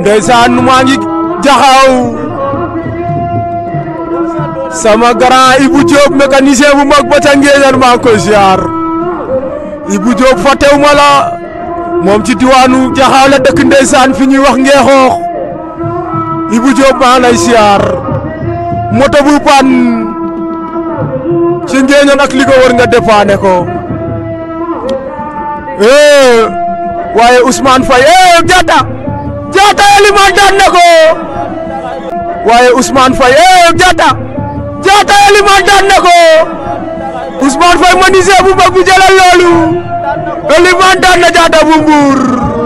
ndeysaan maa ngi jaxaaw sama grand Ibou Diop mécanicien bu mag ba ca maa ngi koy ziar Ibou Diop fàttewu ma la moom ci diwaanu jaxaaw la dëkk ndeysaan fi ñuy wax ngeexoox Ibou Diop maa na ziar moto bu pan ci Ngéejaan li ko nga dépanné ko. Eh! waaye Ousmane Faye eh Diatta Diatta Elimane daan na ko waaye Ousmane Faye eh Diatta Diatta Elimane daan na ko Ousmane Faye menuisier bu mag bi jëlal loolu Elimane daan na Diatta bu